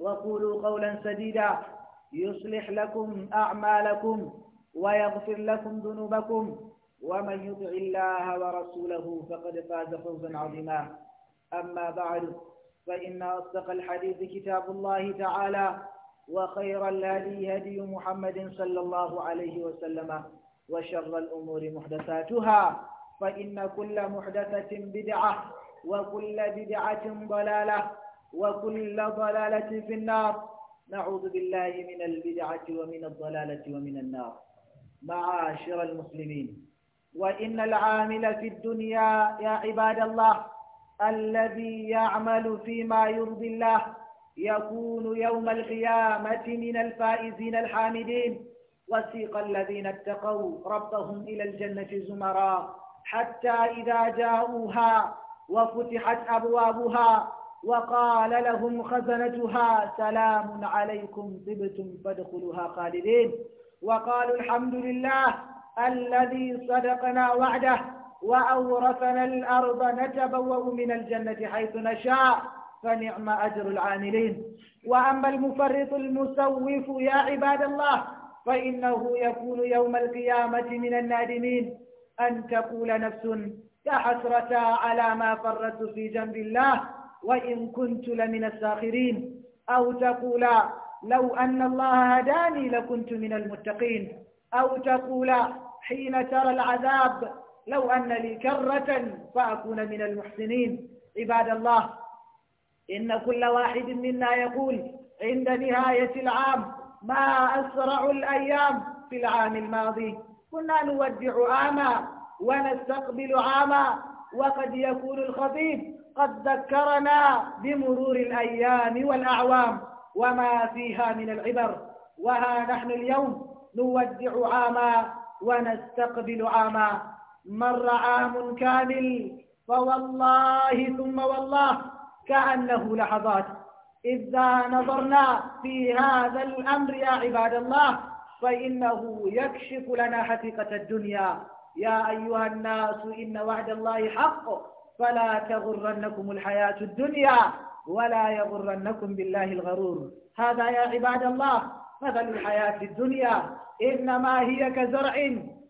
وقولوا قولا سديدا يصلح لكم أعمالكم ويغفر لكم ذنوبكم ومن يطع الله ورسوله فقد فاز فوزا عظيما أما بعد فإن أصدق الحديث كتاب الله تعالى وخير الهدي هدي محمد صلى الله عليه وسلم وشر الأمور محدثاتها فإن كل محدثة بدعة وكل بدعة ضلالة وكل ضلالة في النار نعوذ بالله من البدعة ومن الضلالة ومن النار معاشر المسلمين وإن العامل في الدنيا يا عباد الله الذي يعمل فيما يرضي الله يكون يوم القيامة من الفائزين الحامدين وسيق الذين اتقوا ربهم إلى الجنة زمرا حتى إذا جاءوها وفتحت أبوابها وقال لهم خزنتها سلام عليكم طبتم فادخلوها خالدين وقالوا الحمد لله الذي صدقنا وعده وأورثنا الأرض نتبوأ من الجنة حيث نشاء فنعم أجر العاملين وأما المفرط المسوف يا عباد الله فإنه يكون يوم القيامة من النادمين أن تقول نفس يا حسرة على ما فرطت في جنب الله وإن كنت لمن الساخرين أو تقولا لو أن الله هداني لكنت من المتقين أو تقولا حين ترى العذاب لو أن لي كرة فأكون من المحسنين عباد الله إن كل واحد منا يقول عند نهاية العام ما أسرع الأيام في العام الماضي كنا نودع عاما ونستقبل عاما وقد يكون الخطيب قد ذكرنا بمرور الأيام والأعوام وما فيها من العبر وها نحن اليوم نودع عاما ونستقبل عاما مر عام كامل فوالله ثم والله كأنه لحظات إذا نظرنا في هذا الأمر يا عباد الله فإنه يكشف لنا حقيقة الدنيا يا أيها الناس إن وعد الله حق فلا تغرنكم الحياة الدنيا ولا يغرنكم بالله الغرور هذا يا عباد الله مثل الحياة الدنيا إنما هي كزرع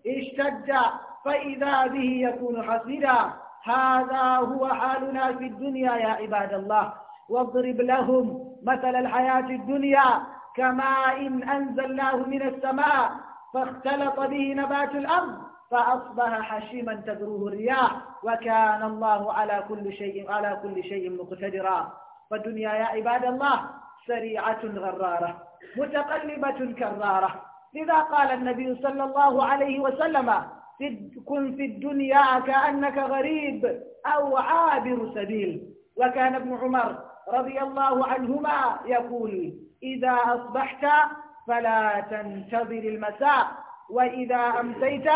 اشتد فإذا به يكون حصيدا هذا هو حالنا في الدنيا يا عباد الله واضرب لهم مثل الحياة الدنيا كماء إن أنزلناه من السماء فاختلط به نبات الأرض فأصبح حشيما تذروه الرياح وكان الله على كل شيء على كل شيء مقتدرا فالدنيا يا عباد الله سريعة غرارة متقلبة كرارة لذا قال النبي صلى الله عليه وسلم كن في الدنيا كأنك غريب أو عابر سبيل وكان ابن عمر رضي الله عنهما يقول إذا أصبحت فلا تنتظر المساء وإذا أمسيت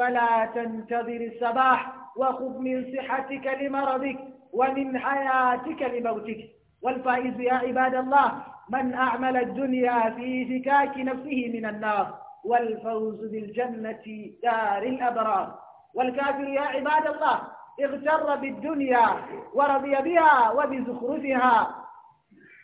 فلا تنتظر الصباح وخذ من صحتك لمرضك ومن حياتك لموتك والفائز يا عباد الله من أعمل الدنيا في فكاك نفسه من النار والفوز بالجنة دار الأبرار والكافر يا عباد الله اغتر بالدنيا ورضي بها وبزخرفها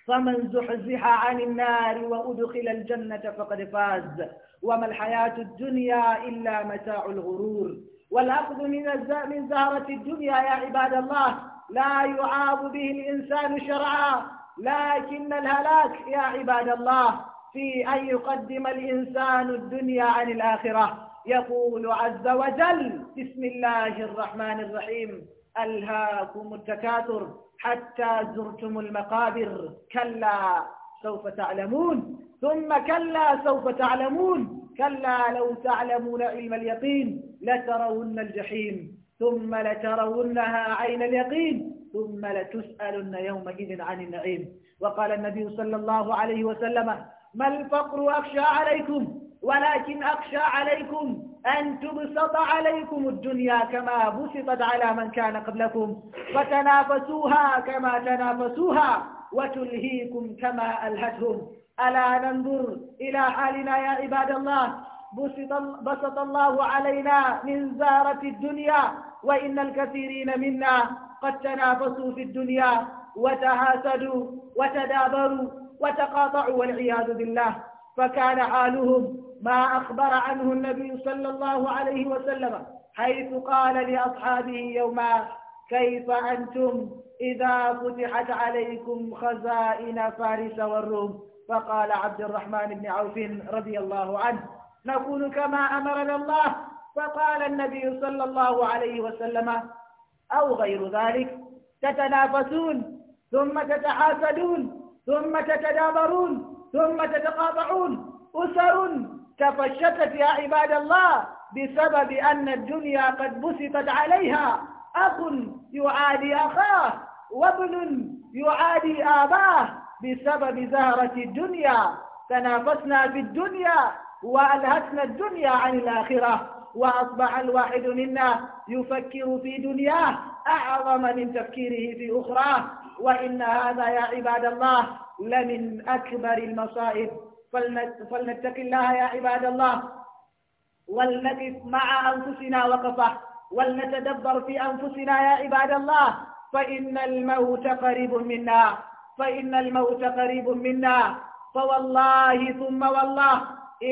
فمن زحزح عن النار وأدخل الجنة فقد فاز وما الحياة الدنيا إلا متاع الغرور والأخذ من من زهرة الدنيا يا عباد الله لا يعاب به الإنسان شرعا لكن الهلاك يا عباد الله في أن يقدم الإنسان الدنيا عن الآخرة يقول عز وجل بسم الله الرحمن الرحيم ألهاكم التكاثر حتى زرتم المقابر كلا سوف تعلمون ثم كلا سوف تعلمون كلا لو تعلمون علم اليقين لترون الجحيم ثم لترونها عين اليقين ثم لتسألن يومئذ عن النعيم وقال النبي صلى الله عليه وسلم ما الفقر أخشى عليكم ولكن أخشى عليكم أن تبسط عليكم الدنيا كما بسطت على من كان قبلكم فتنافسوها كما تنافسوها وتلهيكم كما ألهتهم ألا ننظر إلى حالنا يا عباد الله بسط, بسط الله علينا من زارة الدنيا وإن الكثيرين منا قد تنافسوا في الدنيا وتهاسدوا وتدابروا وتقاطعوا والعياذ بالله فكان حالهم ما أخبر عنه النبي صلى الله عليه وسلم حيث قال لأصحابه يوما كيف أنتم إذا فتحت عليكم خزائن فارس والروم فقال عبد الرحمن بن عوف رضي الله عنه نكون كما أمرنا الله فقال النبي صلى الله عليه وسلم أو غير ذلك تتنافسون ثم تتحاسدون ثم تتدابرون ثم تتقاطعون أسر تفشتت يا عباد الله بسبب أن الدنيا قد بسطت عليها أخ يعادي أخاه وابن يعادي آباه بسبب زهرة الدنيا تنافسنا في الدنيا وألهتنا الدنيا عن الآخرة وأصبح الواحد منا يفكر في دنياه أعظم من تفكيره في أخراه وإن هذا يا عباد الله لمن أكبر المصائب فلنتق الله يا عباد الله ولنقف مع أنفسنا وقفة ولنتدبر في أنفسنا يا عباد الله فإن الموت قريب منا فإن الموت قريب منا فوالله ثم والله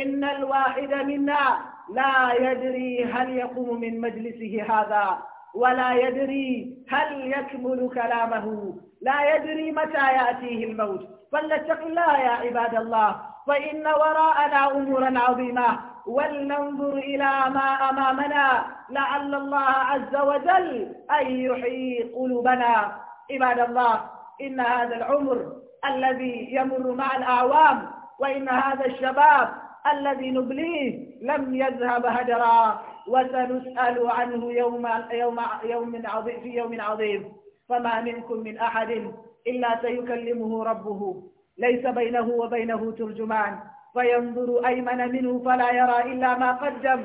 إن الواحد منا لا يدري هل يقوم من مجلسه هذا ولا يدري هل يكمل كلامه لا يدري متى يأتيه الموت فلنتق الله يا عباد الله فإن وراءنا أمورا عظيمة ولننظر إلى ما أمامنا لعل الله عز وجل أن يحيي قلوبنا عباد الله إن هذا العمر الذي يمر مع الأعوام وإن هذا الشباب الذي نبليه لم يذهب هدرا وسنسأل عنه يوم, يوم, يوم عظيم في يوم عظيم فما منكم من أحد إلا سيكلمه ربه ليس بينه وبينه ترجمان فينظر أيمن منه فلا يرى إلا ما قدم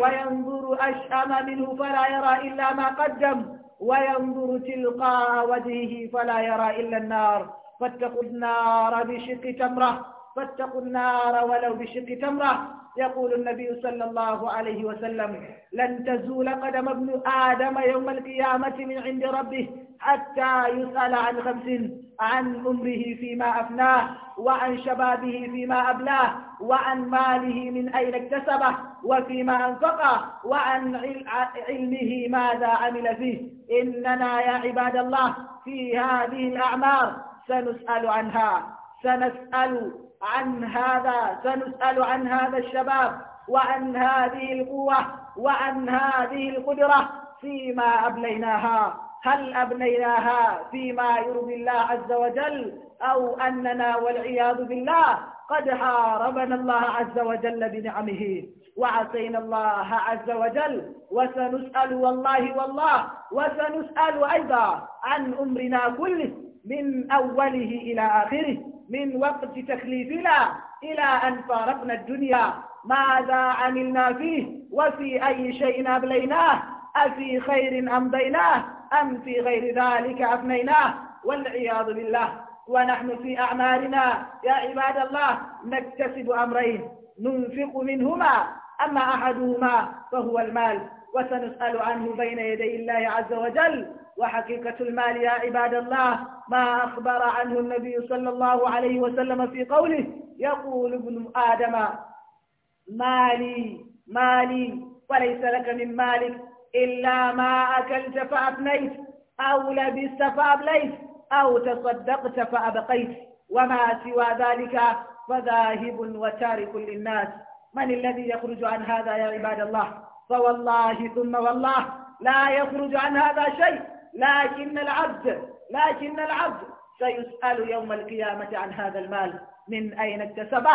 وينظر أشأم منه فلا يرى إلا ما قدم وينظر تلقاء وجهه فلا يرى إلا النار فاتقوا النار بشق تمرة فاتقوا النار ولو بشق تمرة يقول النبي صلى الله عليه وسلم لن تزول قدم ابن آدم يوم القيامة من عند ربه حتى يسأل عن خمس عن عمره فيما أفناه وعن شبابه فيما أبلاه وعن ماله من أين اكتسبه وفيما أنفقه وعن علمه ماذا عمل فيه إننا يا عباد الله في هذه الأعمار سنسأل عنها سنسأل عن هذا سنسأل عن هذا الشباب وعن هذه القوة وعن هذه القدرة فيما أبليناها هل أبنيناها فيما يرضي الله عز وجل أو أننا والعياذ بالله قد حاربنا الله عز وجل بنعمه وعصينا الله عز وجل وسنسأل والله والله وسنسأل أيضا عن أمرنا كله من أوله إلى آخره من وقت تكليفنا إلى أن فارقنا الدنيا ماذا عملنا فيه وفي أي شيء أبليناه أفي خير أمضيناه أم في غير ذلك أفنيناه والعياذ بالله ونحن في أعمالنا يا عباد الله نكتسب أمرين ننفق منهما أما أحدهما فهو المال وسنسأل عنه بين يدي الله عز وجل وحقيقة المال يا عباد الله ما أخبر عنه النبي صلى الله عليه وسلم في قوله يقول ابن آدم مالي مالي وليس لك من مالك إلا ما أكلت فأفنيت أو لبست فأبليت أو تصدقت فأبقيت وما سوى ذلك فذاهب وتارك للناس من الذي يخرج عن هذا يا عباد الله فوالله ثم والله لا يخرج عن هذا شيء لكن العبد لكن العبد سيسأل يوم القيامة عن هذا المال من أين اكتسبه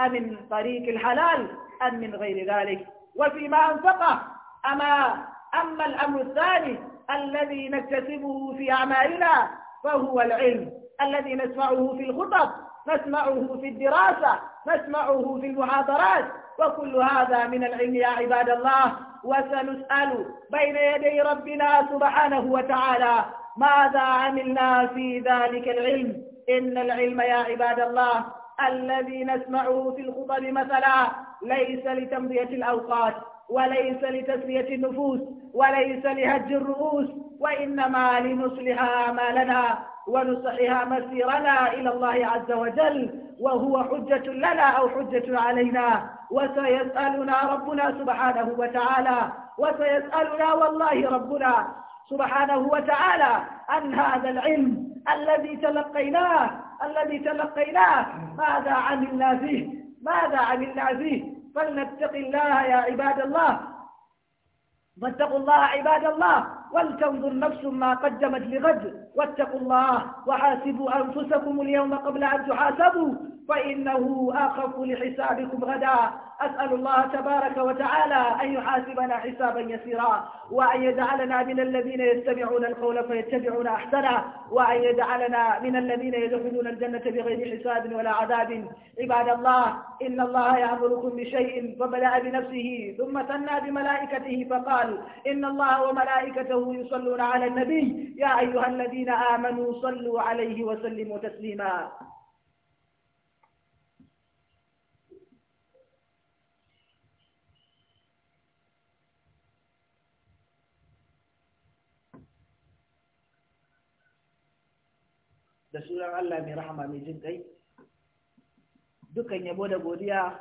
أم من طريق الحلال أم من غير ذلك وفيما أنفقه أما أما الأمر الثاني الذي نكتسبه في أعمالنا فهو العلم الذي نسمعه في الخطب نسمعه في الدراسة نسمعه في المحاضرات وكل هذا من العلم يا عباد الله وسنسأل بين يدي ربنا سبحانه وتعالى ماذا عملنا في ذلك العلم إن العلم يا عباد الله الذي نسمعه في الخطب مثلا ليس لتمضية الأوقات وليس لتسلية النفوس وليس لهج الرؤوس وإنما لنصلح آمالنا ونصحها مسيرنا إلى الله عز وجل وهو حجة لنا أو حجة علينا وسيسألنا ربنا سبحانه وتعالى وسيسألنا والله ربنا سبحانه وتعالى عن هذا العلم الذي تلقيناه الذي تلقيناه ماذا عملنا فيه ماذا عملنا فيه فلنتق الله يا عباد الله فاتقوا الله عباد الله ولتنظر نفس ما قدمت لغد واتقوا الله وحاسبوا أنفسكم اليوم قبل أن تحاسبوا فإنه أخف لحسابكم غدا أسأل الله تبارك وتعالى أن يحاسبنا حسابا يسيرا وأن يجعلنا من الذين يستمعون القول فيتبعون أحسنه وأن يجعلنا من الذين يدخلون الجنة بغير حساب ولا عذاب عباد الله إن الله يأمركم بشيء فبدأ بنفسه ثم ثنى بملائكته فقال إن الله وملائكته يصلون على النبي يا أيها الذين آمنوا صلوا عليه وسلموا تسليما da sunan Allah mai rahama mai jin kai dukan yabo da godiya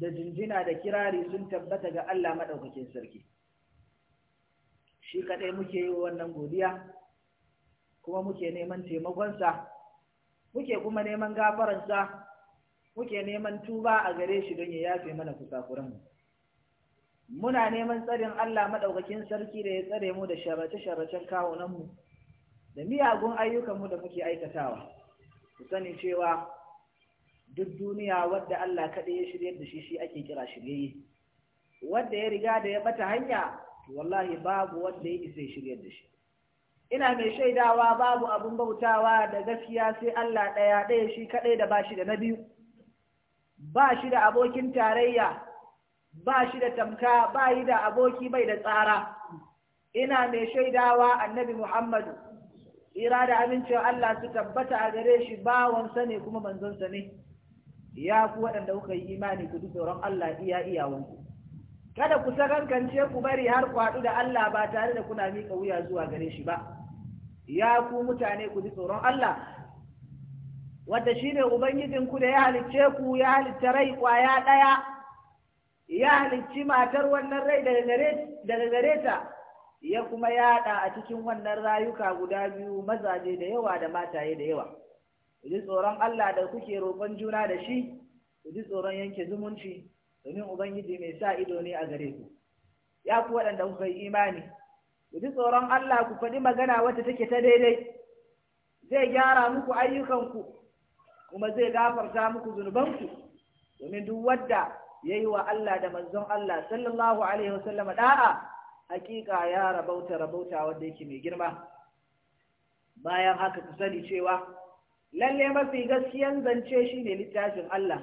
da jinjina da kirari sun tabbata ga Allah maɗaukakin sarki shi kaɗai muke yi wannan godiya kuma muke neman taimakonsa muke kuma neman gafaransa muke neman tuba a gare shi don ya yafe mana kusakuranmu muna neman tsarin Allah maɗaukakin sarki da ya tsare mu da sharace-sharacen kawunanmu da miyagun ayyukanmu da muke aikatawa ku sani cewa duk duniya wadda Allah kaɗai ya shirye da shi shi ake kira shirye Wanda ya riga da ya bata hanya wallahi babu wanda ya isa shirye da shi ina mai shaidawa babu abun bautawa da gaskiya sai Allah ɗaya ɗaya shi kaɗai da ba da na biyu ba shi da abokin tarayya ba shi da tamka ba yi da aboki bai da tsara ina mai shaidawa annabi Muhammadu tsira da abincin Allah su tabbata a gare shi bawansa ne kuma manzonsa ne ya ku waɗanda kuka yi imani ku ji tsoron Allah iya iyawanku kada ku sakankance ku bari har kwaɗu da Allah ba tare da kuna miƙa wuya zuwa gare shi ba ya ku mutane ku ji tsoron Allah shi shine ubangijin ku da ya halicce ku ya halicce rai kwaya ɗaya ya halicci matar wannan rai daga gare ta ya kuma yaɗa a cikin wannan rayuka guda biyu mazaje da yawa da mataye da yawa ku ji tsoron Allah da kuke roƙon juna da shi ku ji tsoron yanke zumunci domin ubangiji mai sa ido ne a gare ku ya ku waɗanda kuka yi imani ku ji tsoron Allah ku faɗi magana wata take ta daidai zai gyara muku ayyukanku kuma zai gafarta muku zunubanku domin duk wadda ya yi wa Allah da manzon Allah sallallahu alaihi wasallama da'a hakika ya rabauta rabauta wanda yake mai girma bayan haka ku sani cewa lalle mafi gaskiyan zance shine littafin Allah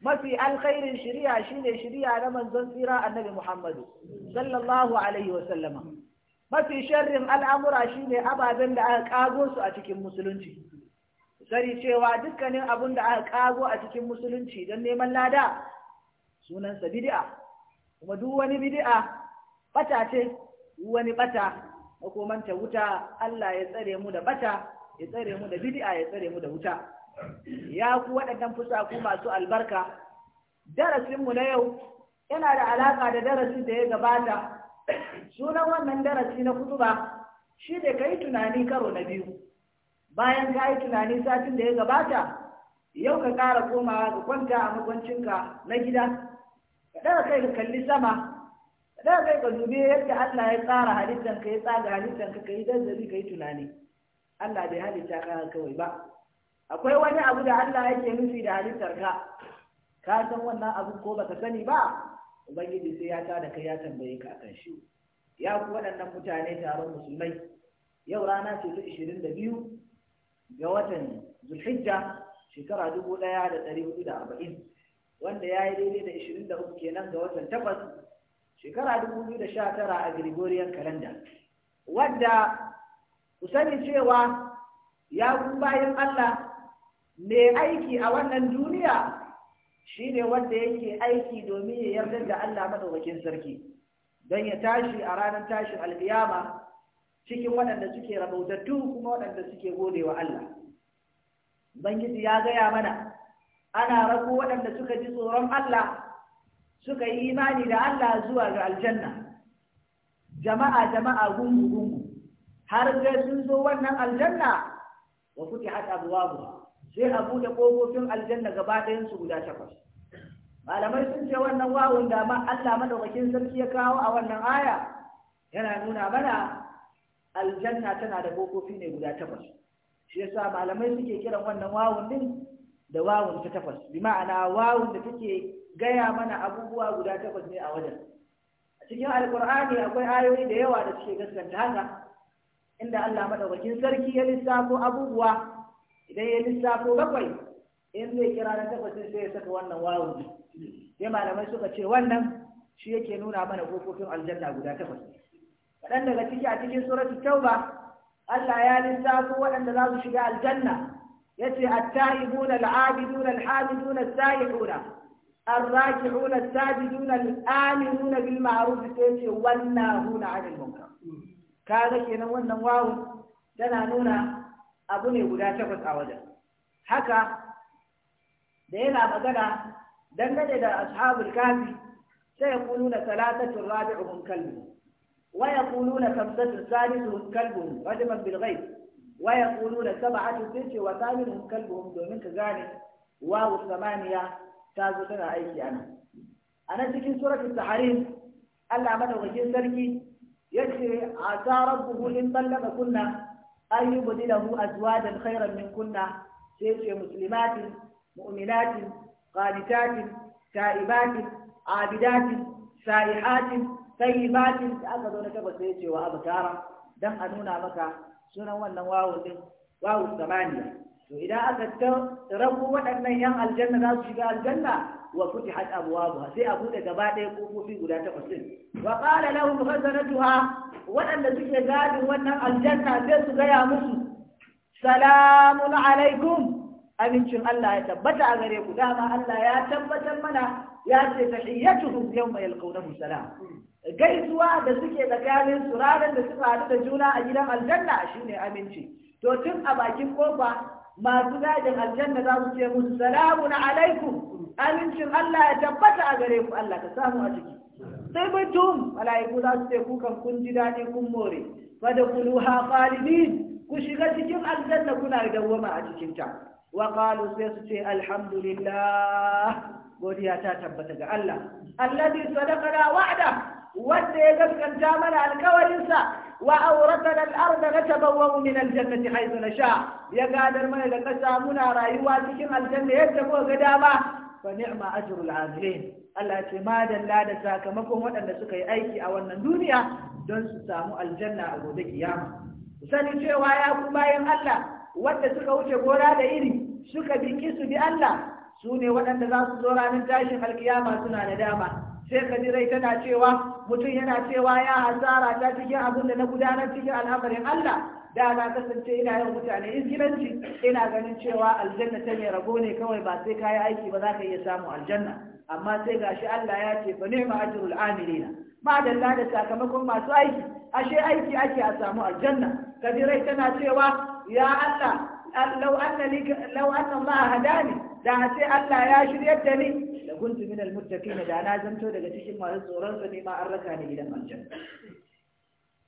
mafi alkhairin shari'a shine shari'a na manzon tsira annabi Muhammadu sallallahu alaihi wa sallama mafi sharrin al'amura shine ababen da aka kago su a cikin musulunci sani cewa dukkanin abun da aka kago a cikin musulunci don neman lada sunansa bid'a kuma duk wani bid'a bata ce wani bata makomanta wuta Allah ya tsare mu da bata ya tsare mu da bid'a ya tsare mu da wuta ya ku waɗannan fusaku masu albarka darasin mu na yau yana da alaka da darasin da ya gabata sunan wannan darasi na kutuba shi ne kai tunani karo na biyu bayan ka yi tunani satin da ya gabata yau ka kara komawa ka kwanta a makwancinka na gida ka kai ka kalli sama da kai ka dubi yadda Allah ya tsara halittarka, ka ya tsaga halittarka, ka kai zabi kai tunani Allah bai halitta ka kawai ba akwai wani abu da Allah yake nufi da halittar ka ka san wannan abu ko baka sani ba ubangiji sai ya ta da kai ya tambaye ka akan shi ya ku waɗannan mutane taron musulmai yau rana ce ta 22 ga watan zulhijja shekara 1440 wanda ya yi daidai da 23 kenan ga watan takwas shekara 2019 a Gregorian calendar wanda ku sani cewa ya bayan Allah mai aiki a wannan duniya shine wanda yake aiki domin ya yarda da Allah madaukakin sarki don ya tashi a ranar tashin alkiyama cikin waɗanda suke rabautattu kuma waɗanda suke gode wa Allah bangiji ya gaya mana ana rako waɗanda suka ji tsoron Allah suka yi imani da Allah zuwa ga aljanna jama'a jama'a gungu gungu har sai sun zo wannan aljanna wa kuti hada abuwa sai a buɗe kofofin aljanna gaba ɗayan su guda takwas malamai sun ce wannan wawun da ma Allah madaukakin sarki ya kawo a wannan aya yana nuna mana aljanna tana da kofofi ne guda takwas shi yasa malamai suke kiran wannan wawun din da wawun ta takwas bi ma'ana wawun da take gaya mana abubuwa guda takwas ne a wajen a cikin alkur'ani akwai ayoyi da yawa da suke gaskanta haka inda Allah madaukakin sarki ya lissafo abubuwa idan ya lissafo bakwai in zai kira na takwas ne sai ya saka wannan wawun sai malamai suka ce wannan shi yake nuna mana kofofin aljanna guda takwas kaɗan daga ciki a cikin suratul tauba Allah ya lissafo waɗanda za su shiga aljanna yace at-ta'ibuna al-'abiduna al-hamiduna as-sa'ihuna الراكعون الساجدون الآمنون بالمعروف سيتي والناهون عن المنكر kaga kenan wannan wawun tana nuna abu ne guda takwas a wajen haka da yana magana dangane da ashabul kafi sai yaquluna thalathatun rabi'uhum kalbu wa yaquluna khamsatun salisuhum kalbu rajman bil ghaib wa yaquluna sab'atun sai wa thaminuhum kalbuhum domin ka gane wawu samaniya ta zo tana aiki ana. a nan cikin suratul tahrim Allah madaukakin sarki ya ce a tsarar buhu in ballaka kunna an yi budi zuwa da khairan min kunna sai ce musulmatin, mu'minatin qanitatin ta'ibatin abidatin sa'ihatin tayyibatin da aka zo na gaba sai ce wa abtara dan a nuna maka sunan wannan wawo din wawo to idan aka rabu waɗannan yan aljanna za su shiga aljanna wa haɗa abwabuha sai a bude gaba ɗaya guda takwas din wa qala lahum khazanatuha waɗanda suke gadin wannan aljanna sai su gaya musu salamun alaikum amincin Allah ya tabbata a gare ku dama Allah ya tabbatar mana ya ce tahiyyatuhum yawma yalqawnahu salam gaisuwa da suke tsakanin su ranar da suka haɗu da juna a gidan aljanna shine aminci to tun a bakin kofa masu gadin aljanna za su ce musu salamun alaikum amincin Allah ya tabbata a gare ku Allah ka samu a ciki sai mutum mala'iku za su ce ku kan kun ji daɗi kun more fada kuluha qalibin ku shiga cikin aljanna kuna dawwama a cikin ta wa qalu sai su ce alhamdulillah godiya ta tabbata ga Allah alladhi sadaqana wa'da Wanda ya gaskanta mana alkawarinsa wa auratana al-ardha natabawwa'u min al-jannati na sha. ya gadar mana da kasa muna rayuwa cikin aljanna yadda muka ga dama fa ni'ma ajrul amilin Allah ce ma dalla da sakamakon waɗanda suka yi aiki a wannan duniya don su samu aljanna a gobe kiyama sani cewa ya ku bayan Allah wanda suka wuce gora da iri suka bi su bi Allah su ne waɗanda za su zo ranar tashin alkiyama suna da dama sai ka rai tana cewa mutum yana cewa ya hasara ta cikin abin da na gudanar cikin al'amarin Allah da na kasance ina yin mutane izgilanci ina ganin cewa aljanna ta mai rago ne kawai ba sai kayi aiki ba za ka iya samu aljanna amma sai gashi Allah ya ce fa ni'ma ajrul amilina da da sakamakon masu aiki ashe aiki ake a samu aljanna kadirai tana cewa ya Allah law anna li anna Allah hadani da sai Allah ya shiryar da ni da kuntu min almuttaqin da na zanto daga cikin masu tsoron sa ne ma an raka ni gidan aljanna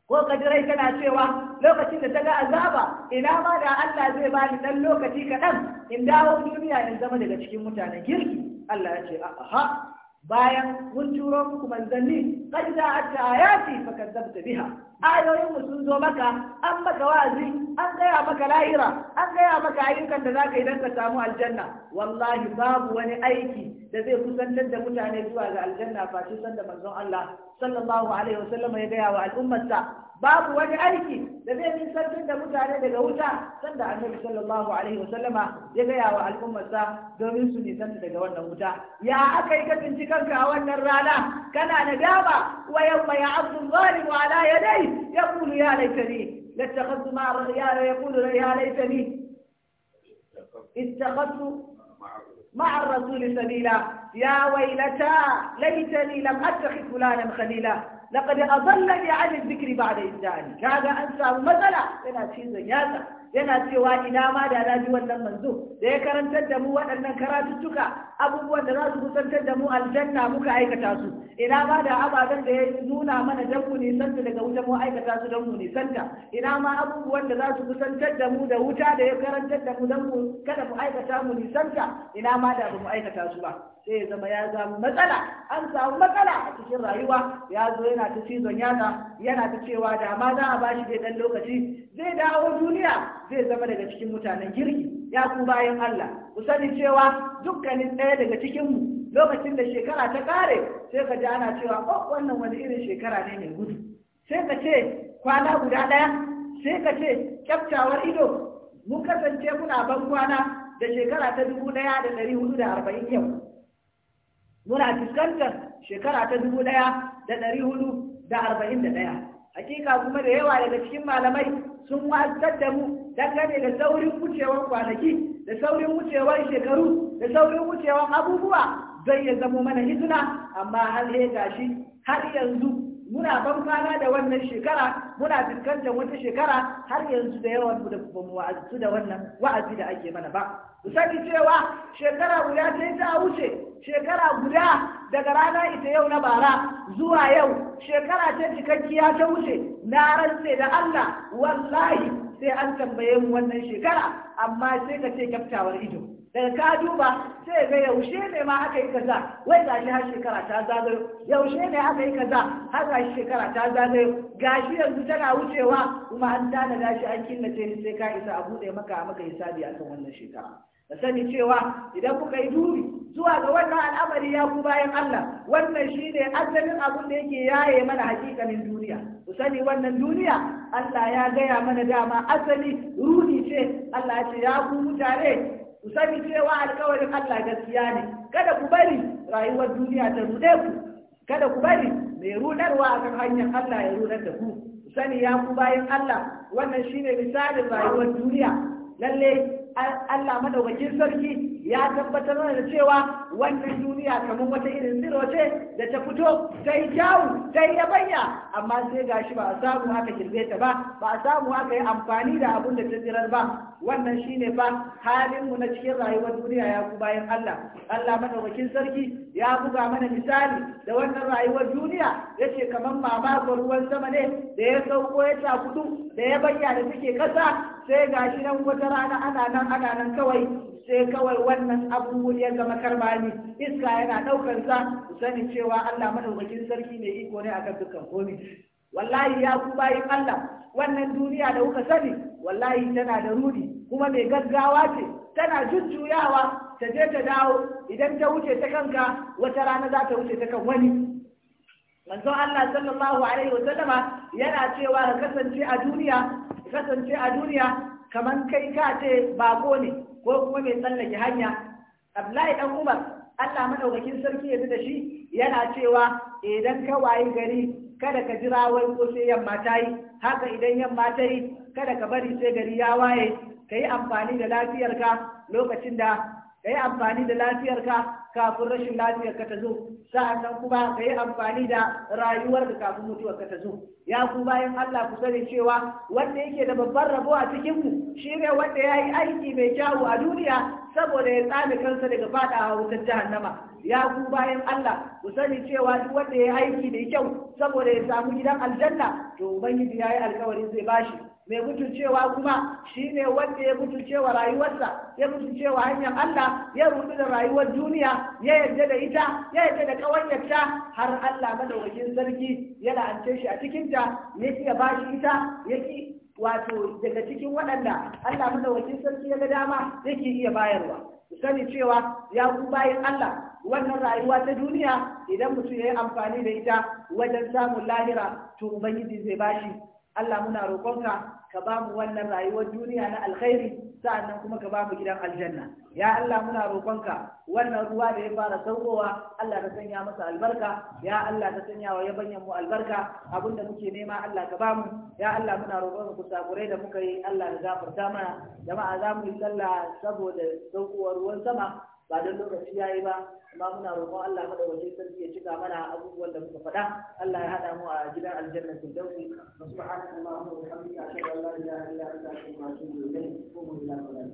ko kadirai tana cewa lokacin da ta ga azaba ina ma da Allah zai ba ni dan lokaci kaɗan in dawo duniya in zama daga cikin mutanen girki Allah ya ce aha bayan mun turo muku manzanni qad ja'at ayati fakazzabta biha ayoyin mu sun zo maka an maka wa'azi an gaya maka lahira an gaya maka ayyukan da zaka yi don ka samu aljanna wallahi babu wani aiki da zai kusantar da mutane zuwa ga aljanna face sanda manzon Allah sallallahu alaihi wasallam ya gaya wa al'ummarsa babu wani aiki da zai nisantar da mutane daga wuta sanda annabi sallallahu alaihi wasallama ya gaya wa al'ummarsa domin su nisanta daga wannan wuta ya aka yi kasance kanka a wannan rana kana nadama wa yawma ya abdu zalimu ala yadai يقول يا ليتني لاتخذت مع الرجال يقول يا ليتني اتخذت مع الرسول سبيلا يا ويلتى ليتني لم أتخذ فلانا خليلا لقد أضلني عن الذكر بعد إذ جاءني أنسى مثلا أنا شيء زيادة yana cewa ina ma da na ji wannan manzo da ya karantar da mu waɗannan karatuttuka abubuwan da za su kusantar da mu aljanna muka aikata su ina ma da ababen da ya nuna mana dan mu nisanta daga wuta mu aikata su dan mu nisanta ina ma abubuwan da za su kusantar da mu da wuta da ya karantar da mu dan mu kada mu aikata mu nisanta ina ma da ba mu aikata su ba sai ya zama ya samu matsala an samu matsala a cikin rayuwa ya zo yana ta cizon yana yana ta cewa dama ma za a bashi dai dan lokaci zai dawo duniya zai zama daga cikin mutanen girki ya ku bayan Allah ku sani cewa dukkanin ɗaya daga cikin mu lokacin da shekara ta ƙare, sai ka ji ana cewa oh wannan wani irin shekara ne mai gudu sai ka ce kwana guda ɗaya sai ka ce kyaftawar ido mun kasance muna ban kwana da shekara ta dubu ɗaya da ɗari hudu da arba'in yau muna fuskantar shekara ta dubu ɗaya da ɗari hudu da arba'in da ɗaya hakika kuma da yawa daga cikin malamai sun wasar da mu dangane da saurin wucewar kwanaki da saurin wucewar shekaru da saurin wucewar abubuwa zai ya zamo mana hizuna amma har ya gashi har yanzu muna ban kwana da wannan shekara muna fuskantar wata shekara har yanzu da yawan da ba mu wa'azu da wannan wa'azi da ake mana ba ku sani cewa shekara guda ta ta wuce shekara guda daga rana ita yau na bara zuwa yau shekara ta cikakkiya ta wuce na rantse da Allah wallahi sai an tambaye mu wannan shekara amma sai ka ce kyaftawar ido daga ka duba sai ga yaushe ne ma aka yi kaza wai shi har shekara ta zagayo yaushe ne aka yi kaza har ga shekara ta zagayo gashi yanzu tana wucewa kuma an tana gashi an killace ni sai ka isa a buɗe maka maka hisabi akan wannan shekara da sani cewa idan kuka yi duri zuwa ga wannan al'amari ya ku bayan Allah wannan shine asalin abin da yake yaye mana hakikanin duniya ku sani wannan duniya Allah ya gaya mana dama asali ruhi ce Allah ya ce ya ku mutane ku sani cewa alkawarin Allah gaskiya ne kada ku bari rayuwar duniya ta rude ku kada ku bari mai rudarwa a kan hanyar Allah ya rudar da ku ku sani ya ku bayan Allah wannan shine misalin rayuwar duniya lalle Allah madaukakin sarki ya tabbatar da cewa wannan duniya kamar wata irin tsiro ce da ta fito ta yi kyawu ta yi yabanya amma sai gashi ba a samu aka girbe ta ba ba a samu aka yi amfani da abun da ta tsirar ba wannan shine ba halin mu na cikin rayuwar duniya ya ku bayan Allah Allah madaukakin sarki ya buga mana misali da wannan rayuwar duniya yace kamar ga ruwan sama ne da ya sauko ya takudu da ya bayyana da take kasa sai gashi nan wata rana ana nan ana nan kawai sai kawai wannan abubuwan ya zama karbani iska yana ɗaukar sa sani cewa Allah madaukakin sarki mai iko ne akan dukkan komai wallahi ya ku bayin Allah wannan duniya da kuka sani wallahi tana da rudi kuma mai gaggawa ce tana jujjuyawa ta je ta dawo idan ta wuce ta kanka wata rana za ta wuce ta kan wani manzon Allah sallallahu alaihi wasallama yana cewa ka kasance a duniya kasance a duniya kamar kai ka ce bako ne ko kuma mai tsallake hanya Abdullahi dan Umar Allah madaukakin sarki ya da shi yana cewa idan ka wayi gari kada ka jira wai ko sai yamma ta yi haka idan yamma ta yi kada ka bari sai gari ya waye ka yi amfani da lafiyarka lokacin da ka yi amfani da lafiyarka kafin rashin lafiyarka ta zo sa'annan kuma ka yi amfani da rayuwar da kafin mutuwar ka ta zo ya ku bayan Allah ku sani cewa wanda yake da babban rabo a cikin ku ne wanda ya yi aiki mai kyawu a duniya saboda ya tsame kansa daga fadawa wutar jahannama ya ku bayan Allah ku sani cewa duk wanda ya yi aiki mai kyau saboda ya samu gidan aljanna to ubangiji ya yi alkawarin zai bashi mai mutuncewa kuma shi ne wanda ya mutuncewa rayuwarsa ya mutuncewa hanyar Allah ya rubu da rayuwar duniya ya yarda da ita ya yarda da kawanyarta har Allah madawakin sarki yana ance shi a cikinta ya ki ya bashi ita ya wato daga cikin waɗanda Allah madawakin sarki ya ga dama yake iya bayarwa sani cewa ya ku bayan Allah wannan rayuwa ta duniya idan mutum ya yi amfani da ita wajen samun lahira to ubangiji zai bashi Allah muna roƙonka ka ba mu wannan rayuwar duniya na alkhairi sa'annan kuma ka ba mu gidan aljanna ya Allah muna roƙonka wannan ruwa da ya fara saukowa Allah ta sanya masa albarka ya Allah ta sanya wa yabanyan mu albarka abinda muke nema Allah ka ba mu ya Allah muna roƙonka ku saburai da muka yi Allah ya gafarta mana jama'a za mu yi sallah saboda saukowar ruwan sama ba don lokaci yayi ba amma muna roƙon Allah madawacin sarki ya cika mana abubuwan da muka faɗa Allah ya haɗa mu a gidan aljanna fil dawsi subhanallahi wa bihamdihi ashhadu an la ilaha illa anta astaghfiruka wa atubu ilayk